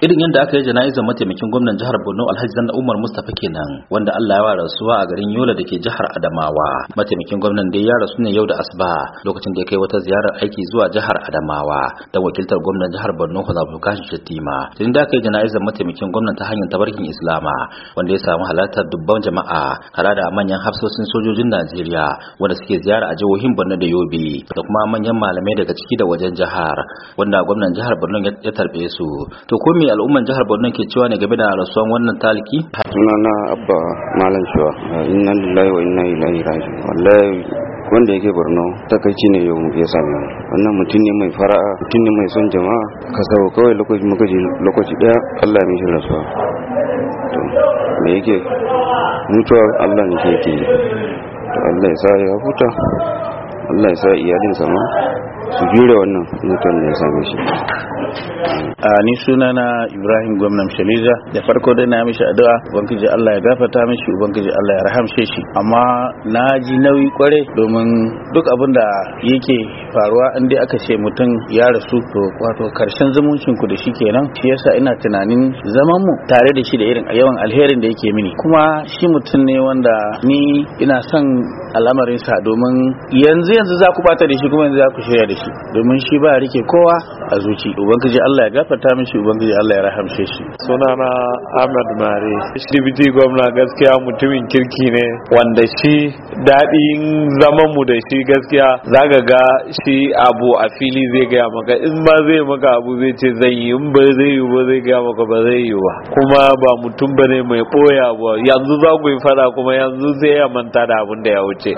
irin yadda aka yi jana'izar mataimakin gwamnan jihar borno alhaji zanna umar mustapha kenan wanda allah ya rasuwa a garin yola da ke jihar adamawa mataimakin gwamnan dai ya rasu ne yau da asuba lokacin da ya kai wata ziyarar aiki zuwa jihar adamawa da wakiltar gwamnan jihar borno hulabukashi shattima tun da aka yi jana'izar mataimakin gwamnan ta hanyar tabarkin islama wanda ya samu halartar dubban jama'a tare da manyan hafsoshin sojojin najeriya wanda suke ziyara a jihohin borno da yobe da kuma manyan malamai daga ciki da wajen jihar wanda gwamnan jihar borno ya tarbe su to ko me al'umman jihar Borno ke cewa ne game da rasuwan wannan taliki Suna na abba malam shuwa inna lillahi wa inna ilaihi raji. wallahi wanda yake borno takaici ne yau ya sami wannan mutum ne mai fara'a mutum ne mai son jama'a ka sau kawai lokaci mukaji lokaci daya allah mishi rasuwa to me yake mutuwa allah ne ke yi allah ya sa ya huta allah ya sa iyalin sama su jure wannan mutum ne ya same shi a ni sunana ibrahim gwamnan shaliza da farko da na mishi addu'a ubangiji allah ya gafarta mishi ubangiji allah ya rahamshe shi amma na ji nauyi kware domin duk abin da yake faruwa dai aka ce mutum ya rasu to wato karshen zumuncin ku da shi kenan shi yasa ina tunanin zaman mu tare da shi da irin yawan alherin da yake mini kuma shi mutum ne wanda ni ina son al'amarinsa domin yanzu yanzu za ku bata da shi kuma yanzu za ku shirya da shi shi domin shi ba rike kowa a zuci ubangiji Allah ya gafarta mishi ubangiji Allah ya rahamshe shi sunana Ahmad Mare deputy gwamna gaskiya mutumin kirki ne wanda shi daɗin zaman mu da shi gaskiya zaga ga shi abu a fili zai gaya maka in ba zai maka abu zai ce zan yi in ba zai yi ba zai gaya maka ba zai yi ba kuma ba mutum bane mai boya ba yanzu za ku yi fada kuma yanzu zai ya manta da abin da ya wuce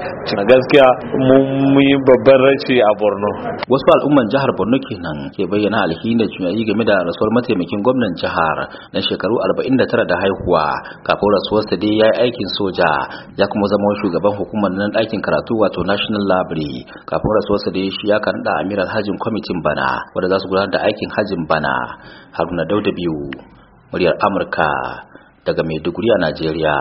gaskiya mun yi babban rashi a Borno wasu al'umman jihar Borno kenan ke ke bayyana alhinin da juyayi game da rasuwar mataimakin gwamnan jihar na shekaru 49 da haihuwa kafin rasuwar sa dai ya yi aikin soja ya kuma zama shugaban hukumar nan ɗakin karatu wato National Library kafin rasuwar sa dai shi ya kanɗa amirar hajin kwamitin bana wanda za su gudanar da aikin hajin bana Haruna Dauda biyu muryar Amurka daga Maiduguri a Najeriya